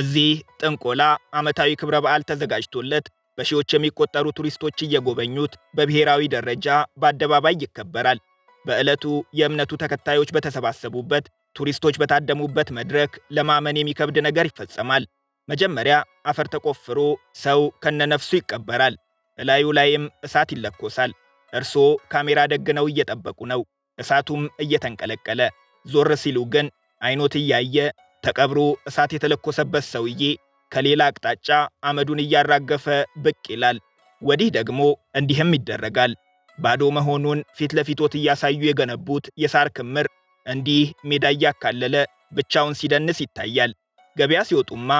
እዚህ ጥንቆላ ዓመታዊ ክብረ በዓል ተዘጋጅቶለት በሺዎች የሚቆጠሩ ቱሪስቶች እየጎበኙት በብሔራዊ ደረጃ በአደባባይ ይከበራል። በዕለቱ የእምነቱ ተከታዮች በተሰባሰቡበት ቱሪስቶች በታደሙበት መድረክ ለማመን የሚከብድ ነገር ይፈጸማል። መጀመሪያ አፈር ተቆፍሮ ሰው ከነነፍሱ ይቀበራል። እላዩ ላይም እሳት ይለኮሳል። እርሶ ካሜራ ደግነው እየጠበቁ ነው። እሳቱም እየተንቀለቀለ ዞር ሲሉ ግን አይኖት እያየ ተቀብሮ እሳት የተለኮሰበት ሰውዬ ከሌላ አቅጣጫ አመዱን እያራገፈ ብቅ ይላል። ወዲህ ደግሞ እንዲህም ይደረጋል። ባዶ መሆኑን ፊት ለፊቶት እያሳዩ የገነቡት የሳር ክምር እንዲህ ሜዳ እያካለለ ብቻውን ሲደንስ ይታያል። ገበያ ሲወጡማ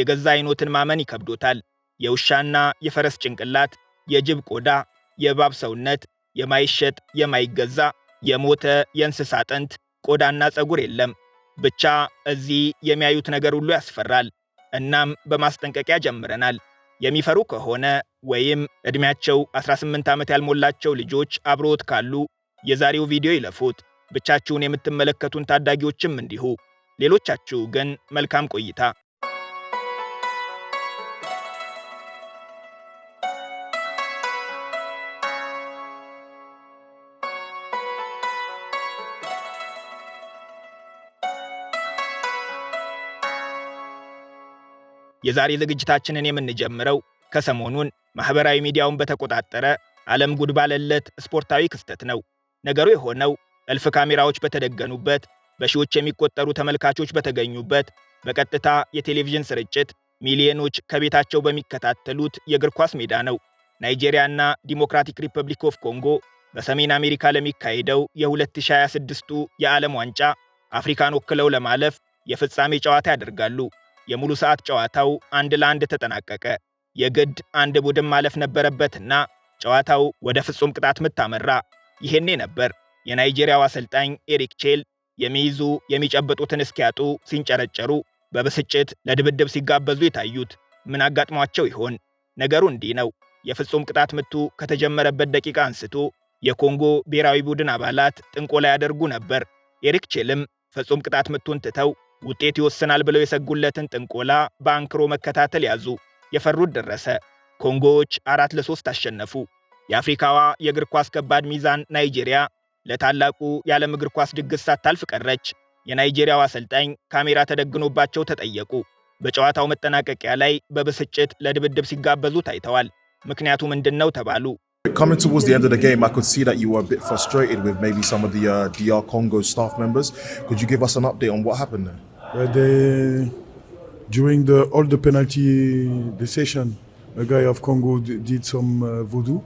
የገዛ አይኖትን ማመን ይከብዶታል። የውሻና የፈረስ ጭንቅላት፣ የጅብ ቆዳ፣ የእባብ ሰውነት፣ የማይሸጥ የማይገዛ የሞተ የእንስሳ አጥንት፣ ቆዳና ፀጉር የለም። ብቻ እዚህ የሚያዩት ነገር ሁሉ ያስፈራል። እናም በማስጠንቀቂያ ጀምረናል። የሚፈሩ ከሆነ ወይም ዕድሜያቸው 18 ዓመት ያልሞላቸው ልጆች አብሮት ካሉ የዛሬው ቪዲዮ ይለፉት። ብቻችሁን የምትመለከቱን ታዳጊዎችም እንዲሁ። ሌሎቻችሁ ግን መልካም ቆይታ የዛሬ ዝግጅታችንን የምንጀምረው ከሰሞኑን ማኅበራዊ ሚዲያውን በተቆጣጠረ ዓለም ጉድ ባለለት ስፖርታዊ ክስተት ነው። ነገሩ የሆነው እልፍ ካሜራዎች በተደገኑበት፣ በሺዎች የሚቆጠሩ ተመልካቾች በተገኙበት በቀጥታ የቴሌቪዥን ስርጭት ሚሊዮኖች ከቤታቸው በሚከታተሉት የእግር ኳስ ሜዳ ነው። ናይጄሪያና ዲሞክራቲክ ሪፐብሊክ ኦፍ ኮንጎ በሰሜን አሜሪካ ለሚካሄደው የ2026ቱ የዓለም ዋንጫ አፍሪካን ወክለው ለማለፍ የፍጻሜ ጨዋታ ያደርጋሉ። የሙሉ ሰዓት ጨዋታው አንድ ለአንድ ተጠናቀቀ። የግድ አንድ ቡድን ማለፍ ነበረበትና ጨዋታው ወደ ፍጹም ቅጣት ምት አመራ። ይሄኔ ነበር የናይጄሪያው አሰልጣኝ ኤሪክ ቼል የሚይዙ የሚጨብጡትን እስኪያጡ ሲንጨረጨሩ፣ በብስጭት ለድብድብ ሲጋበዙ የታዩት። ምን አጋጥሟቸው ይሆን? ነገሩ እንዲህ ነው። የፍጹም ቅጣት ምቱ ከተጀመረበት ደቂቃ አንስቶ የኮንጎ ብሔራዊ ቡድን አባላት ጥንቆላ ያደርጉ ነበር። ኤሪክ ቼልም ፍጹም ቅጣት ምቱን ትተው ውጤት ይወሰናል ብለው የሰጉለትን ጥንቆላ በአንክሮ መከታተል ያዙ። የፈሩት ደረሰ። ኮንጎዎች አራት ለሶስት አሸነፉ። የአፍሪካዋ የእግር ኳስ ከባድ ሚዛን ናይጄሪያ ለታላቁ የዓለም እግር ኳስ ድግስ ሳታልፍ ቀረች። የናይጄሪያው አሰልጣኝ ካሜራ ተደግኖባቸው ተጠየቁ። በጨዋታው መጠናቀቂያ ላይ በብስጭት ለድብድብ ሲጋበዙ ታይተዋል። ምክንያቱ ምንድን ነው ተባሉ። Coming towards the they during the all the penalty the session, a guy of Congo did some uh, voodoo.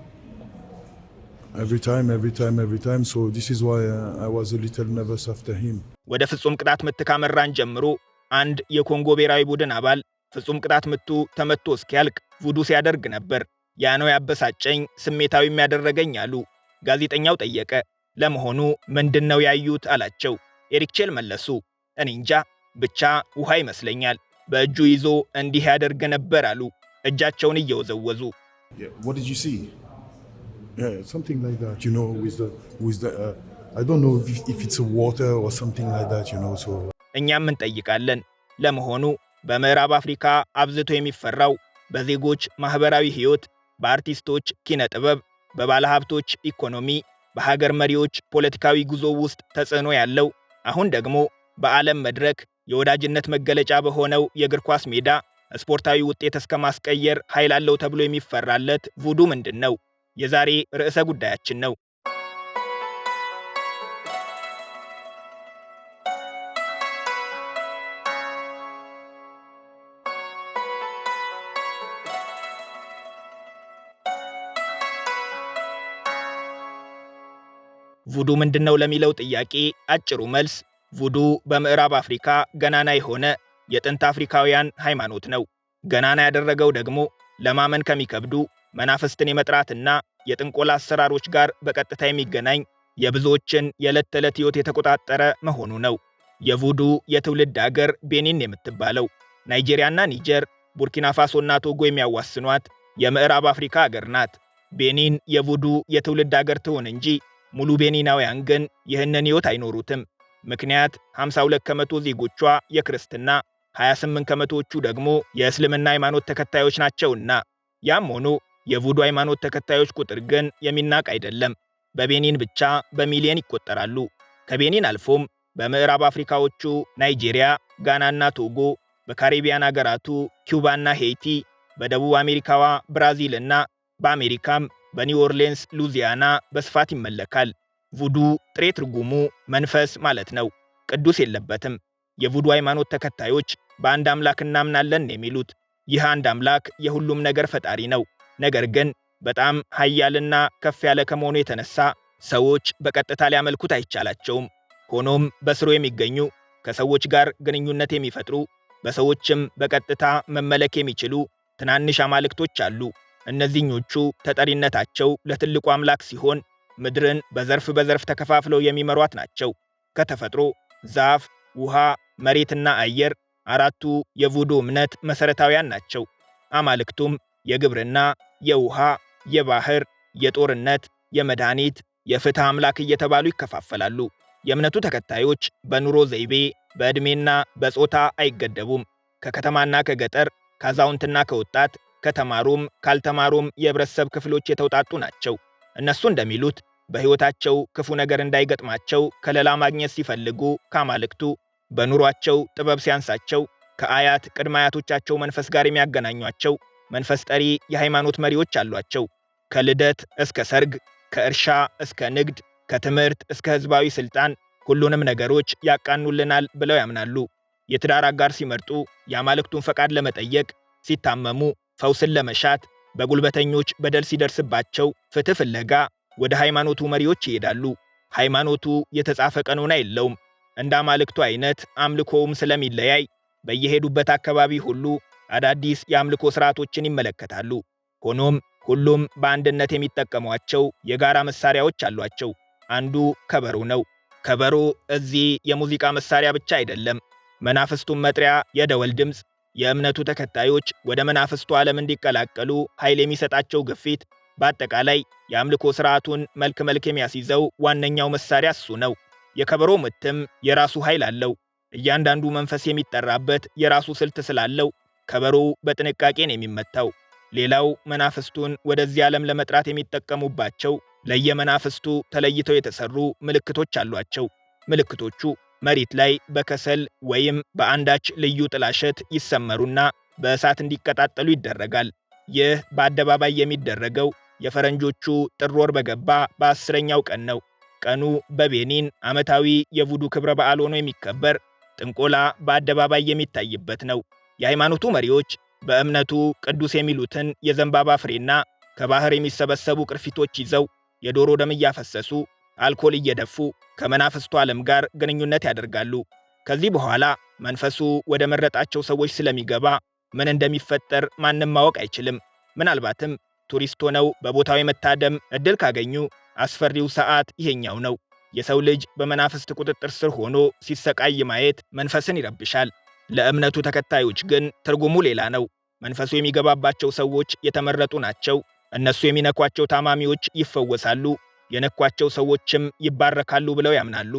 Every time, every time, every time. So this is why uh, I was a little nervous after him. ወደ ፍጹም ቅጣት ምት ካመራን ጀምሮ አንድ የኮንጎ ብሔራዊ ቡድን አባል ፍጹም ቅጣት ምቱ ተመቶ እስኪያልቅ ቡዱ ሲያደርግ ነበር። ያ ነው ያበሳጨኝ፣ ስሜታዊ የሚያደረገኝ አሉ። ጋዜጠኛው ጠየቀ፣ ለመሆኑ ምንድን ነው ያዩት አላቸው። ኤሪክቼል መለሱ፣ እኔ እንጃ ብቻ ውሃ ይመስለኛል በእጁ ይዞ እንዲህ ያደርግ ነበር አሉ እጃቸውን እየወዘወዙ። እኛም እንጠይቃለን። ለመሆኑ በምዕራብ አፍሪካ አብዝቶ የሚፈራው በዜጎች ማኅበራዊ ሕይወት፣ በአርቲስቶች ኪነ ጥበብ፣ በባለሀብቶች ኢኮኖሚ፣ በሀገር መሪዎች ፖለቲካዊ ጉዞ ውስጥ ተጽዕኖ ያለው አሁን ደግሞ በዓለም መድረክ የወዳጅነት መገለጫ በሆነው የእግር ኳስ ሜዳ ስፖርታዊ ውጤት እስከ ማስቀየር ኃይል አለው ተብሎ የሚፈራለት ቡዱ ምንድን ነው? የዛሬ ርዕሰ ጉዳያችን ነው። ቡዱ ምንድን ነው ለሚለው ጥያቄ አጭሩ መልስ ቡዱ በምዕራብ አፍሪካ ገናና የሆነ የጥንት አፍሪካውያን ሃይማኖት ነው። ገናና ያደረገው ደግሞ ለማመን ከሚከብዱ መናፍስትን የመጥራትና የጥንቆላ አሰራሮች ጋር በቀጥታ የሚገናኝ የብዙዎችን የዕለት ተዕለት ሕይወት የተቆጣጠረ መሆኑ ነው። የቡዱ የትውልድ አገር ቤኒን የምትባለው ናይጄሪያና ኒጀር፣ ቡርኪና ፋሶና ቶጎ የሚያዋስኗት የምዕራብ አፍሪካ አገር ናት። ቤኒን የቡዱ የትውልድ አገር ትሆን እንጂ ሙሉ ቤኒናውያን ግን ይህንን ሕይወት አይኖሩትም። ምክንያት 52 ከመቶ ዜጎቿ የክርስትና 28 ከመቶዎቹ ደግሞ የእስልምና ሃይማኖት ተከታዮች ናቸውና። ያም ሆኖ የቡዱ ሃይማኖት ተከታዮች ቁጥር ግን የሚናቅ አይደለም። በቤኒን ብቻ በሚሊየን ይቆጠራሉ። ከቤኒን አልፎም በምዕራብ አፍሪካዎቹ ናይጄሪያ፣ ጋናና ቶጎ፣ በካሪቢያን አገራቱ ኪውባና ሄይቲ፣ በደቡብ አሜሪካዋ ብራዚልና በአሜሪካም በኒው ኦርሊንስ ሉዚያና በስፋት ይመለካል። ቡዱ ጥሬ ትርጉሙ መንፈስ ማለት ነው። ቅዱስ የለበትም። የቡዱ ሃይማኖት ተከታዮች በአንድ አምላክ እናምናለን የሚሉት ይህ አንድ አምላክ የሁሉም ነገር ፈጣሪ ነው። ነገር ግን በጣም ኃያልና ከፍ ያለ ከመሆኑ የተነሳ ሰዎች በቀጥታ ሊያመልኩት አይቻላቸውም። ሆኖም በስሩ የሚገኙ ከሰዎች ጋር ግንኙነት የሚፈጥሩ በሰዎችም በቀጥታ መመለክ የሚችሉ ትናንሽ አማልክቶች አሉ። እነዚህኞቹ ተጠሪነታቸው ለትልቁ አምላክ ሲሆን ምድርን በዘርፍ በዘርፍ ተከፋፍለው የሚመሯት ናቸው። ከተፈጥሮ ዛፍ፣ ውሃ፣ መሬትና አየር አራቱ የቮዶ እምነት መሠረታውያን ናቸው። አማልክቱም የግብርና፣ የውሃ፣ የባህር፣ የጦርነት፣ የመድኃኒት፣ የፍትህ አምላክ እየተባሉ ይከፋፈላሉ። የእምነቱ ተከታዮች በኑሮ ዘይቤ፣ በዕድሜና በጾታ አይገደቡም። ከከተማና ከገጠር፣ ከአዛውንትና ከወጣት ከተማሩም ካልተማሩም የህብረተሰብ ክፍሎች የተውጣጡ ናቸው። እነሱ እንደሚሉት በሕይወታቸው ክፉ ነገር እንዳይገጥማቸው ከለላ ማግኘት ሲፈልጉ ካማልክቱ፣ በኑሯቸው ጥበብ ሲያንሳቸው ከአያት ቅድመ አያቶቻቸው መንፈስ ጋር የሚያገናኟቸው መንፈስ ጠሪ የሃይማኖት መሪዎች አሏቸው። ከልደት እስከ ሰርግ፣ ከእርሻ እስከ ንግድ፣ ከትምህርት እስከ ሕዝባዊ ሥልጣን ሁሉንም ነገሮች ያቃኑልናል ብለው ያምናሉ። የትዳር አጋር ሲመርጡ የአማልክቱን ፈቃድ ለመጠየቅ፣ ሲታመሙ ፈውስን ለመሻት፣ በጉልበተኞች በደል ሲደርስባቸው ፍትህ ፍለጋ ወደ ሃይማኖቱ መሪዎች ይሄዳሉ። ሃይማኖቱ የተጻፈ ቀኖና የለውም። እንደ አማልክቱ አይነት አምልኮውም ስለሚለያይ በየሄዱበት አካባቢ ሁሉ አዳዲስ የአምልኮ ስርዓቶችን ይመለከታሉ። ሆኖም ሁሉም በአንድነት የሚጠቀሟቸው የጋራ መሳሪያዎች አሏቸው። አንዱ ከበሮ ነው። ከበሮ እዚህ የሙዚቃ መሳሪያ ብቻ አይደለም፣ መናፍስቱን መጥሪያ የደወል ድምፅ የእምነቱ ተከታዮች ወደ መናፍስቱ ዓለም እንዲቀላቀሉ ኃይል የሚሰጣቸው ግፊት በአጠቃላይ የአምልኮ ሥርዓቱን መልክ መልክ የሚያስይዘው ዋነኛው መሳሪያ እሱ ነው። የከበሮ ምትም የራሱ ኃይል አለው። እያንዳንዱ መንፈስ የሚጠራበት የራሱ ስልት ስላለው ከበሮው በጥንቃቄን የሚመታው። ሌላው መናፍስቱን ወደዚህ ዓለም ለመጥራት የሚጠቀሙባቸው ለየመናፍስቱ ተለይተው የተሰሩ ምልክቶች አሏቸው። ምልክቶቹ መሬት ላይ በከሰል ወይም በአንዳች ልዩ ጥላሸት ይሰመሩና በእሳት እንዲቀጣጠሉ ይደረጋል። ይህ በአደባባይ የሚደረገው የፈረንጆቹ ጥር ወር በገባ በአስረኛው ቀን ነው። ቀኑ በቤኒን ዓመታዊ የቡዱ ክብረ በዓል ሆኖ የሚከበር ጥንቆላ በአደባባይ የሚታይበት ነው። የሃይማኖቱ መሪዎች በእምነቱ ቅዱስ የሚሉትን የዘንባባ ፍሬና ከባህር የሚሰበሰቡ ቅርፊቶች ይዘው የዶሮ ደም እያፈሰሱ አልኮል እየደፉ ከመናፍስቱ ዓለም ጋር ግንኙነት ያደርጋሉ። ከዚህ በኋላ መንፈሱ ወደ መረጣቸው ሰዎች ስለሚገባ ምን እንደሚፈጠር ማንም ማወቅ አይችልም። ምናልባትም ቱሪስት ሆነው በቦታው የመታደም እድል ካገኙ አስፈሪው ሰዓት ይሄኛው ነው። የሰው ልጅ በመናፍስት ቁጥጥር ስር ሆኖ ሲሰቃይ ማየት መንፈስን ይረብሻል። ለእምነቱ ተከታዮች ግን ትርጉሙ ሌላ ነው። መንፈሱ የሚገባባቸው ሰዎች የተመረጡ ናቸው። እነሱ የሚነኳቸው ታማሚዎች ይፈወሳሉ፣ የነኳቸው ሰዎችም ይባረካሉ ብለው ያምናሉ።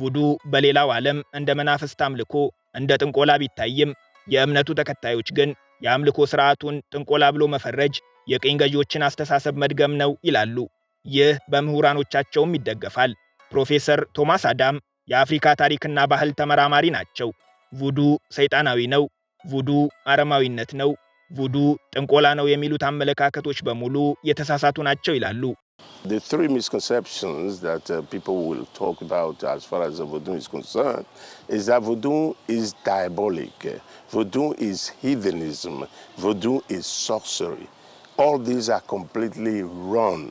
ቡዱ በሌላው ዓለም እንደ መናፍስት አምልኮ፣ እንደ ጥንቆላ ቢታይም የእምነቱ ተከታዮች ግን የአምልኮ ሥርዓቱን ጥንቆላ ብሎ መፈረጅ የቅኝ ገዢዎችን አስተሳሰብ መድገም ነው ይላሉ። ይህ በምሁራኖቻቸውም ይደገፋል። ፕሮፌሰር ቶማስ አዳም የአፍሪካ ታሪክና ባህል ተመራማሪ ናቸው። ቡዱ ሰይጣናዊ ነው፣ ቡዱ አረማዊነት ነው፣ ቡዱ ጥንቆላ ነው የሚሉት አመለካከቶች በሙሉ የተሳሳቱ ናቸው ይላሉ። ቮዱ all these are completely wrong.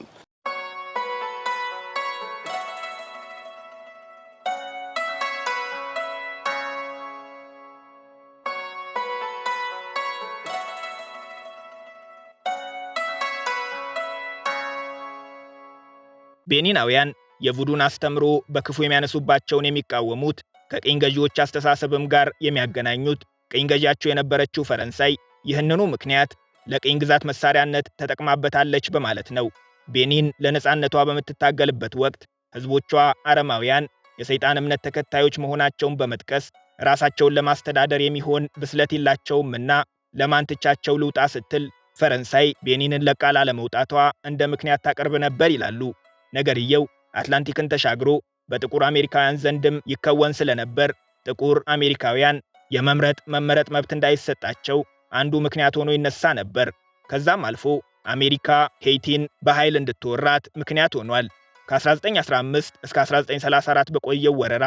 ቤኒናውያን የቡዱን አስተምሮ በክፉ የሚያነሱባቸውን የሚቃወሙት ከቅኝ ገዢዎች አስተሳሰብም ጋር የሚያገናኙት ቅኝ ገዢያቸው የነበረችው ፈረንሳይ ይህንኑ ምክንያት ለቅኝ ግዛት መሳሪያነት ተጠቅማበታለች በማለት ነው። ቤኒን ለነፃነቷ በምትታገልበት ወቅት ሕዝቦቿ አረማውያን የሰይጣን እምነት ተከታዮች መሆናቸውን በመጥቀስ ራሳቸውን ለማስተዳደር የሚሆን ብስለት የላቸውምና ለማንትቻቸው ልውጣ ስትል ፈረንሳይ ቤኒንን ለቃ ላለመውጣቷ እንደ ምክንያት ታቀርብ ነበር ይላሉ። ነገርየው አትላንቲክን ተሻግሮ በጥቁር አሜሪካውያን ዘንድም ይከወን ስለነበር ጥቁር አሜሪካውያን የመምረጥ መመረጥ መብት እንዳይሰጣቸው አንዱ ምክንያት ሆኖ ይነሳ ነበር። ከዛም አልፎ አሜሪካ ሄይቲን በኃይል እንድትወራት ምክንያት ሆኗል። ከ1915 እስከ 1934 በቆየው ወረራ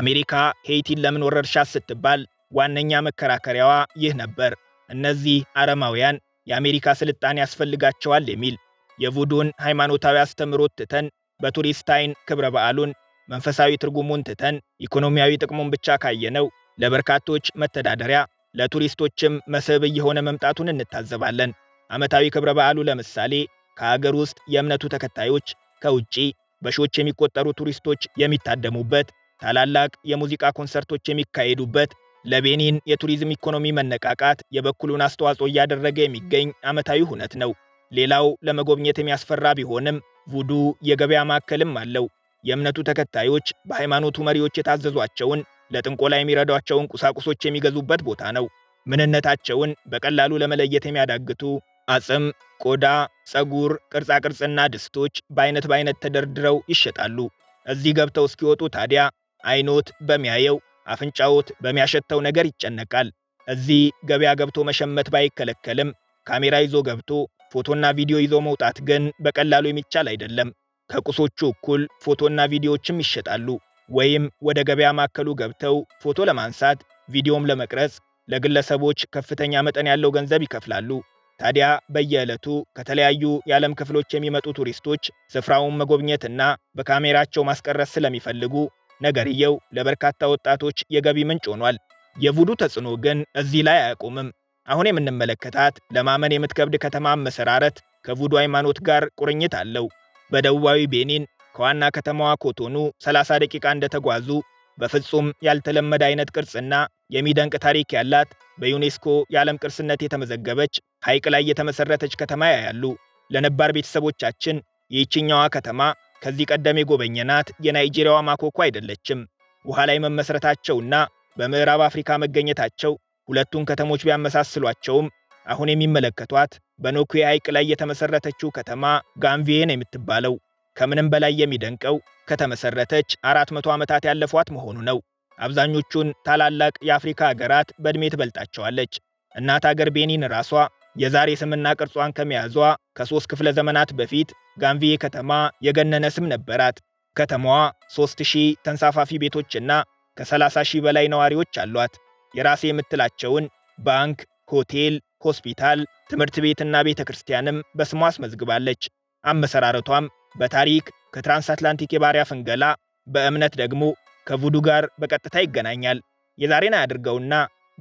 አሜሪካ ሄይቲን ለምን ወረርሻት ስትባል ዋነኛ መከራከሪያዋ ይህ ነበር። እነዚህ አረማውያን የአሜሪካ ስልጣኔ ያስፈልጋቸዋል የሚል የቡዱን ሃይማኖታዊ አስተምህሮት ትተን በቱሪስታይን ክብረ በዓሉን መንፈሳዊ ትርጉሙን ትተን ኢኮኖሚያዊ ጥቅሙን ብቻ ካየነው ለበርካቶች መተዳደሪያ ለቱሪስቶችም መስህብ እየሆነ መምጣቱን እንታዘባለን። ዓመታዊ ክብረ በዓሉ ለምሳሌ ከአገር ውስጥ የእምነቱ ተከታዮች ከውጪ በሺዎች የሚቆጠሩ ቱሪስቶች የሚታደሙበት፣ ታላላቅ የሙዚቃ ኮንሰርቶች የሚካሄዱበት፣ ለቤኒን የቱሪዝም ኢኮኖሚ መነቃቃት የበኩሉን አስተዋጽኦ እያደረገ የሚገኝ ዓመታዊ ሁነት ነው። ሌላው ለመጎብኘት የሚያስፈራ ቢሆንም ቡዱ የገበያ ማዕከልም አለው። የእምነቱ ተከታዮች በሃይማኖቱ መሪዎች የታዘዟቸውን ለጥንቆላ የሚረዷቸውን ቁሳቁሶች የሚገዙበት ቦታ ነው። ምንነታቸውን በቀላሉ ለመለየት የሚያዳግቱ አጽም፣ ቆዳ፣ ጸጉር፣ ቅርጻቅርጽና ድስቶች በአይነት በአይነት ተደርድረው ይሸጣሉ። እዚህ ገብተው እስኪወጡ ታዲያ አይኖት በሚያየው አፍንጫዎት በሚያሸተው ነገር ይጨነቃል። እዚህ ገበያ ገብቶ መሸመት ባይከለከልም ካሜራ ይዞ ገብቶ ፎቶና ቪዲዮ ይዞ መውጣት ግን በቀላሉ የሚቻል አይደለም። ከቁሶቹ እኩል ፎቶና ቪዲዮዎችም ይሸጣሉ። ወይም ወደ ገበያ ማዕከሉ ገብተው ፎቶ ለማንሳት ቪዲዮም ለመቅረጽ ለግለሰቦች ከፍተኛ መጠን ያለው ገንዘብ ይከፍላሉ። ታዲያ በየዕለቱ ከተለያዩ የዓለም ክፍሎች የሚመጡ ቱሪስቶች ስፍራውን መጎብኘትና በካሜራቸው ማስቀረስ ስለሚፈልጉ ነገርየው ለበርካታ ወጣቶች የገቢ ምንጭ ሆኗል። የቡዱ ተጽዕኖ ግን እዚህ ላይ አያቆምም። አሁን የምንመለከታት ለማመን የምትከብድ ከተማ መሰራረት ከቡዱ ሃይማኖት ጋር ቁርኝት አለው። በደቡባዊ ቤኒን ከዋና ከተማዋ ኮቶኑ 30 ደቂቃ እንደተጓዙ በፍጹም ያልተለመደ አይነት ቅርጽና የሚደንቅ ታሪክ ያላት በዩኔስኮ የዓለም ቅርስነት የተመዘገበች ሐይቅ ላይ የተመሠረተች ከተማ ያያሉ። ለነባር ቤተሰቦቻችን ይህችኛዋ ከተማ ከዚህ ቀደም የጎበኘናት የናይጄሪያዋ ማኮኮ አይደለችም። ውሃ ላይ መመስረታቸውና በምዕራብ አፍሪካ መገኘታቸው ሁለቱን ከተሞች ቢያመሳስሏቸውም አሁን የሚመለከቷት በኖኩዌ ሐይቅ ላይ የተመሠረተችው ከተማ ጋንቪዬ ነው የምትባለው። ከምንም በላይ የሚደንቀው ከተመሰረተች 400 ዓመታት ያለፏት መሆኑ ነው። አብዛኞቹን ታላላቅ የአፍሪካ ሀገራት በዕድሜ ትበልጣቸዋለች። እናት አገር ቤኒን ራሷ የዛሬ ስምና ቅርጿን ከመያዟ ከሦስት ክፍለ ዘመናት በፊት ጋንቪዬ ከተማ የገነነ ስም ነበራት። ከተማዋ 3000 ተንሳፋፊ ቤቶችና ከ30 ሺህ በላይ ነዋሪዎች አሏት። የራሴ የምትላቸውን ባንክ፣ ሆቴል፣ ሆስፒታል፣ ትምህርት ቤትና ቤተ ክርስቲያንም በስሟ አስመዝግባለች። አመሰራረቷም በታሪክ ከትራንስአትላንቲክ የባሪያ ፍንገላ፣ በእምነት ደግሞ ከቡዱ ጋር በቀጥታ ይገናኛል። የዛሬን አያድርገውና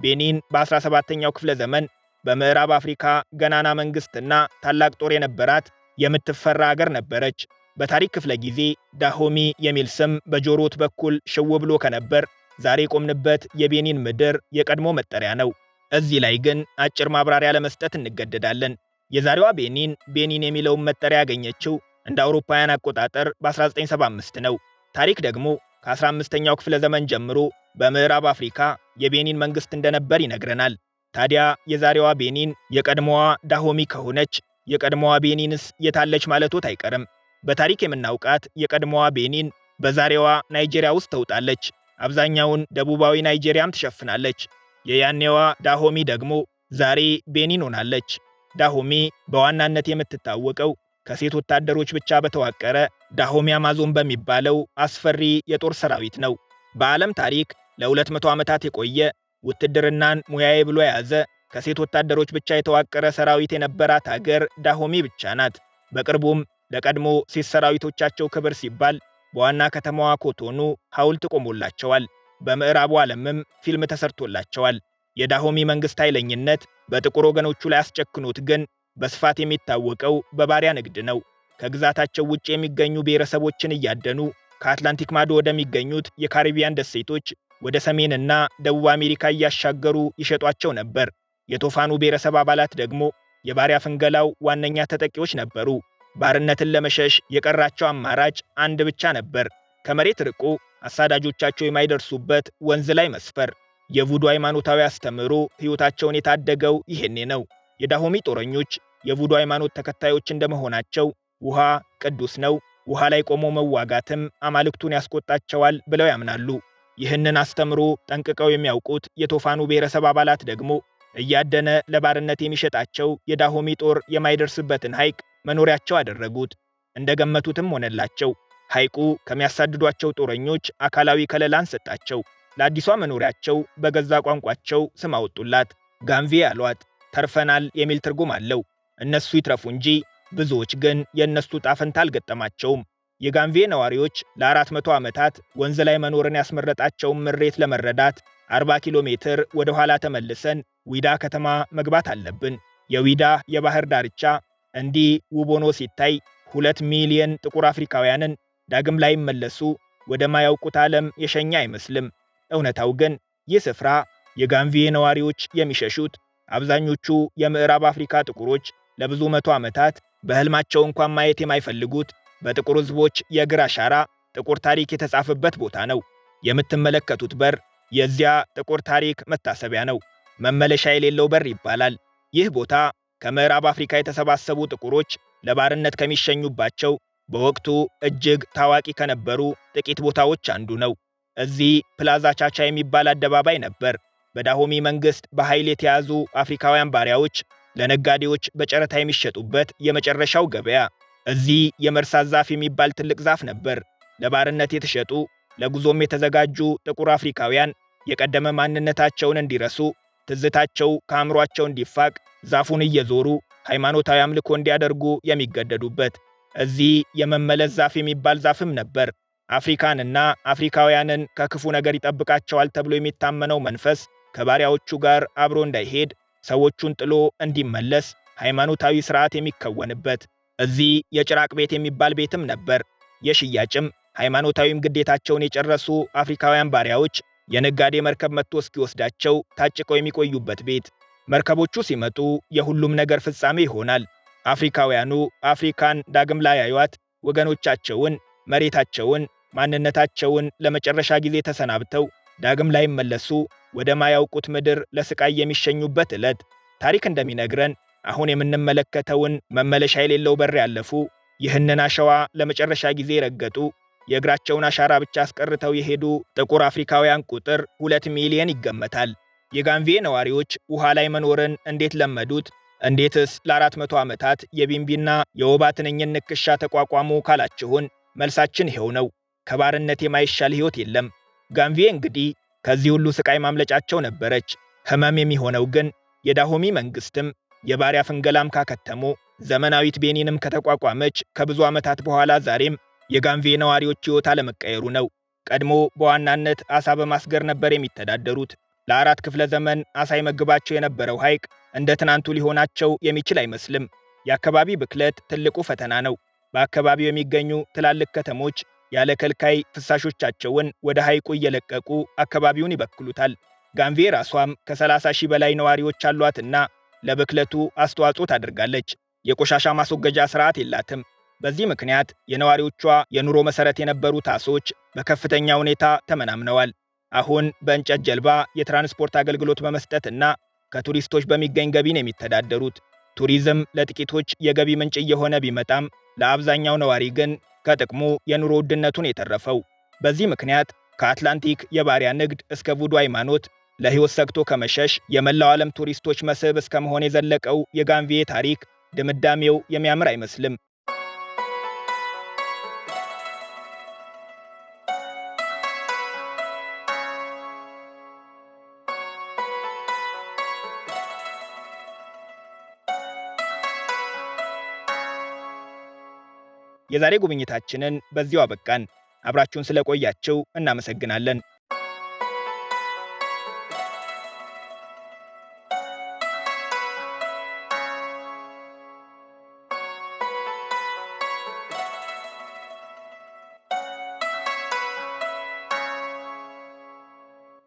ቤኒን በ17ኛው ክፍለ ዘመን በምዕራብ አፍሪካ ገናና መንግሥትና ታላቅ ጦር የነበራት የምትፈራ አገር ነበረች። በታሪክ ክፍለ ጊዜ ዳሆሚ የሚል ስም በጆሮት በኩል ሽው ብሎ ከነበር ዛሬ የቆምንበት የቤኒን ምድር የቀድሞ መጠሪያ ነው። እዚህ ላይ ግን አጭር ማብራሪያ ለመስጠት እንገደዳለን። የዛሬዋ ቤኒን ቤኒን የሚለውን መጠሪያ ያገኘችው እንደ አውሮፓውያን አቆጣጠር በ1975 ነው። ታሪክ ደግሞ ከ15ኛው ክፍለ ዘመን ጀምሮ በምዕራብ አፍሪካ የቤኒን መንግሥት እንደነበር ይነግረናል። ታዲያ የዛሬዋ ቤኒን የቀድሞዋ ዳሆሚ ከሆነች የቀድሞዋ ቤኒንስ የታለች ማለቶት አይቀርም። በታሪክ የምናውቃት የቀድሞዋ ቤኒን በዛሬዋ ናይጄሪያ ውስጥ ተውጣለች። አብዛኛውን ደቡባዊ ናይጄሪያም ትሸፍናለች። የያኔዋ ዳሆሚ ደግሞ ዛሬ ቤኒን ሆናለች። ዳሆሚ በዋናነት የምትታወቀው ከሴት ወታደሮች ብቻ በተዋቀረ ዳሆሚ አማዞን በሚባለው አስፈሪ የጦር ሰራዊት ነው። በዓለም ታሪክ ለ200 ዓመታት የቆየ ውትድርናን ሙያዬ ብሎ የያዘ ከሴት ወታደሮች ብቻ የተዋቀረ ሰራዊት የነበራት አገር ዳሆሚ ብቻ ናት። በቅርቡም ለቀድሞ ሴት ሰራዊቶቻቸው ክብር ሲባል በዋና ከተማዋ ኮቶኑ ሐውልት ቆሞላቸዋል። በምዕራቡ ዓለምም ፊልም ተሰርቶላቸዋል። የዳሆሚ መንግሥት ኃይለኝነት በጥቁር ወገኖቹ ላይ አስጨክኖት ግን በስፋት የሚታወቀው በባሪያ ንግድ ነው። ከግዛታቸው ውጭ የሚገኙ ብሔረሰቦችን እያደኑ ከአትላንቲክ ማዶ ወደሚገኙት የካሪቢያን ደሴቶች ወደ ሰሜንና ደቡብ አሜሪካ እያሻገሩ ይሸጧቸው ነበር። የቶፋኑ ብሔረሰብ አባላት ደግሞ የባሪያ ፍንገላው ዋነኛ ተጠቂዎች ነበሩ። ባርነትን ለመሸሽ የቀራቸው አማራጭ አንድ ብቻ ነበር፤ ከመሬት ርቆ አሳዳጆቻቸው የማይደርሱበት ወንዝ ላይ መስፈር። የቡዱ ሃይማኖታዊ አስተምህሮ ሕይወታቸውን የታደገው ይሄኔ ነው። የዳሆሚ ጦረኞች የቡዱ ሃይማኖት ተከታዮች እንደመሆናቸው ውሃ ቅዱስ ነው፣ ውሃ ላይ ቆሞ መዋጋትም አማልክቱን ያስቆጣቸዋል ብለው ያምናሉ። ይህንን አስተምሮ ጠንቅቀው የሚያውቁት የቶፋኑ ብሔረሰብ አባላት ደግሞ እያደነ ለባርነት የሚሸጣቸው የዳሆሚ ጦር የማይደርስበትን ሐይቅ መኖሪያቸው አደረጉት። እንደገመቱትም ሆነላቸው። ሐይቁ ከሚያሳድዷቸው ጦረኞች አካላዊ ከለላን ሰጣቸው። ለአዲሷ መኖሪያቸው በገዛ ቋንቋቸው ስም አወጡላት፣ ጋንቪ አሏት። ተርፈናል የሚል ትርጉም አለው። እነሱ ይትረፉ እንጂ ብዙዎች ግን የእነሱ ጣፈንታ አልገጠማቸውም። የጋንቬ ነዋሪዎች ለአራት መቶ ዓመታት ወንዝ ላይ መኖርን ያስመረጣቸውን ምሬት ለመረዳት 40 ኪሎ ሜትር ወደ ኋላ ተመልሰን ዊዳ ከተማ መግባት አለብን። የዊዳ የባህር ዳርቻ እንዲህ ውብ ሆኖ ሲታይ ሁለት ሚሊየን ጥቁር አፍሪካውያንን ዳግም ላይ መለሱ ወደ ማያውቁት ዓለም የሸኛ አይመስልም። እውነታው ግን ይህ ስፍራ የጋንቬ ነዋሪዎች የሚሸሹት አብዛኞቹ የምዕራብ አፍሪካ ጥቁሮች ለብዙ መቶ ዓመታት በሕልማቸው እንኳን ማየት የማይፈልጉት በጥቁር ሕዝቦች የእግር አሻራ ጥቁር ታሪክ የተጻፈበት ቦታ ነው። የምትመለከቱት በር የዚያ ጥቁር ታሪክ መታሰቢያ ነው። መመለሻ የሌለው በር ይባላል። ይህ ቦታ ከምዕራብ አፍሪካ የተሰባሰቡ ጥቁሮች ለባርነት ከሚሸኙባቸው በወቅቱ እጅግ ታዋቂ ከነበሩ ጥቂት ቦታዎች አንዱ ነው። እዚህ ፕላዛ ቻቻ የሚባል አደባባይ ነበር። በዳሆሚ መንግሥት በኃይል የተያዙ አፍሪካውያን ባሪያዎች ለነጋዴዎች በጨረታ የሚሸጡበት የመጨረሻው ገበያ። እዚህ የመርሳት ዛፍ የሚባል ትልቅ ዛፍ ነበር። ለባርነት የተሸጡ ለጉዞም የተዘጋጁ ጥቁር አፍሪካውያን የቀደመ ማንነታቸውን እንዲረሱ፣ ትዝታቸው ከአእምሯቸው እንዲፋቅ ዛፉን እየዞሩ ሃይማኖታዊ አምልኮ እንዲያደርጉ የሚገደዱበት። እዚህ የመመለስ ዛፍ የሚባል ዛፍም ነበር። አፍሪካንና አፍሪካውያንን ከክፉ ነገር ይጠብቃቸዋል ተብሎ የሚታመነው መንፈስ ከባሪያዎቹ ጋር አብሮ እንዳይሄድ ሰዎቹን ጥሎ እንዲመለስ ሃይማኖታዊ ሥርዓት የሚከወንበት እዚህ የጭራቅ ቤት የሚባል ቤትም ነበር። የሽያጭም ሃይማኖታዊም ግዴታቸውን የጨረሱ አፍሪካውያን ባሪያዎች የነጋዴ መርከብ መጥቶ እስኪወስዳቸው ታጭቀው የሚቆዩበት ቤት። መርከቦቹ ሲመጡ የሁሉም ነገር ፍጻሜ ይሆናል። አፍሪካውያኑ አፍሪካን ዳግም ላያዩት፣ ወገኖቻቸውን፣ መሬታቸውን፣ ማንነታቸውን ለመጨረሻ ጊዜ ተሰናብተው ዳግም ላይመለሱ ወደ ማያውቁት ምድር ለስቃይ የሚሸኙበት ዕለት ታሪክ እንደሚነግረን አሁን የምንመለከተውን መመለሻ የሌለው በር ያለፉ ይህንን አሸዋ ለመጨረሻ ጊዜ ረገጡ የእግራቸውን አሻራ ብቻ አስቀርተው የሄዱ ጥቁር አፍሪካውያን ቁጥር ሁለት ሚሊየን ይገመታል። የጋንቪዬ ነዋሪዎች ውሃ ላይ መኖርን እንዴት ለመዱት? እንዴትስ ለአራት መቶ ዓመታት የቢምቢና የወባ ትንኝን ንክሻ ተቋቋሙ ካላችሁን መልሳችን ይኸው ነው። ከባርነት የማይሻል ሕይወት የለም። ጋንቪዬ እንግዲህ ከዚህ ሁሉ ስቃይ ማምለጫቸው ነበረች። ህመም የሚሆነው ግን የዳሆሚ መንግስትም የባሪያ ፍንገላም ካከተሙ ዘመናዊት ቤኒንም ከተቋቋመች ከብዙ ዓመታት በኋላ ዛሬም የጋንቬ ነዋሪዎች ሕይወት አለመቀየሩ ነው። ቀድሞ በዋናነት ዓሣ በማስገር ነበር የሚተዳደሩት። ለአራት ክፍለ ዘመን ዓሣ ይመግባቸው የነበረው ሐይቅ እንደ ትናንቱ ሊሆናቸው የሚችል አይመስልም። የአካባቢ ብክለት ትልቁ ፈተና ነው። በአካባቢው የሚገኙ ትላልቅ ከተሞች ያለ ከልካይ ፍሳሾቻቸውን ወደ ሐይቁ እየለቀቁ አካባቢውን ይበክሉታል። ጋንቬ ራሷም ከ30 ሺህ በላይ ነዋሪዎች አሏትና ለብክለቱ አስተዋጽኦ ታደርጋለች። የቆሻሻ ማስወገጃ ሥርዓት የላትም። በዚህ ምክንያት የነዋሪዎቿ የኑሮ መሠረት የነበሩ ታሶች በከፍተኛ ሁኔታ ተመናምነዋል። አሁን በእንጨት ጀልባ የትራንስፖርት አገልግሎት በመስጠትና ከቱሪስቶች በሚገኝ ገቢን የሚተዳደሩት ቱሪዝም ለጥቂቶች የገቢ ምንጭ እየሆነ ቢመጣም ለአብዛኛው ነዋሪ ግን ከጥቅሙ የኑሮ ውድነቱን የተረፈው። በዚህ ምክንያት ከአትላንቲክ የባሪያ ንግድ እስከ ቡዱ ሃይማኖት ለሕይወት ሰግቶ ከመሸሽ የመላው ዓለም ቱሪስቶች መስህብ እስከ መሆን የዘለቀው የጋንቪዬ ታሪክ ድምዳሜው የሚያምር አይመስልም። የዛሬ ጉብኝታችንን በዚሁ አበቃን። አብራችሁን ስለቆያችሁ እናመሰግናለን።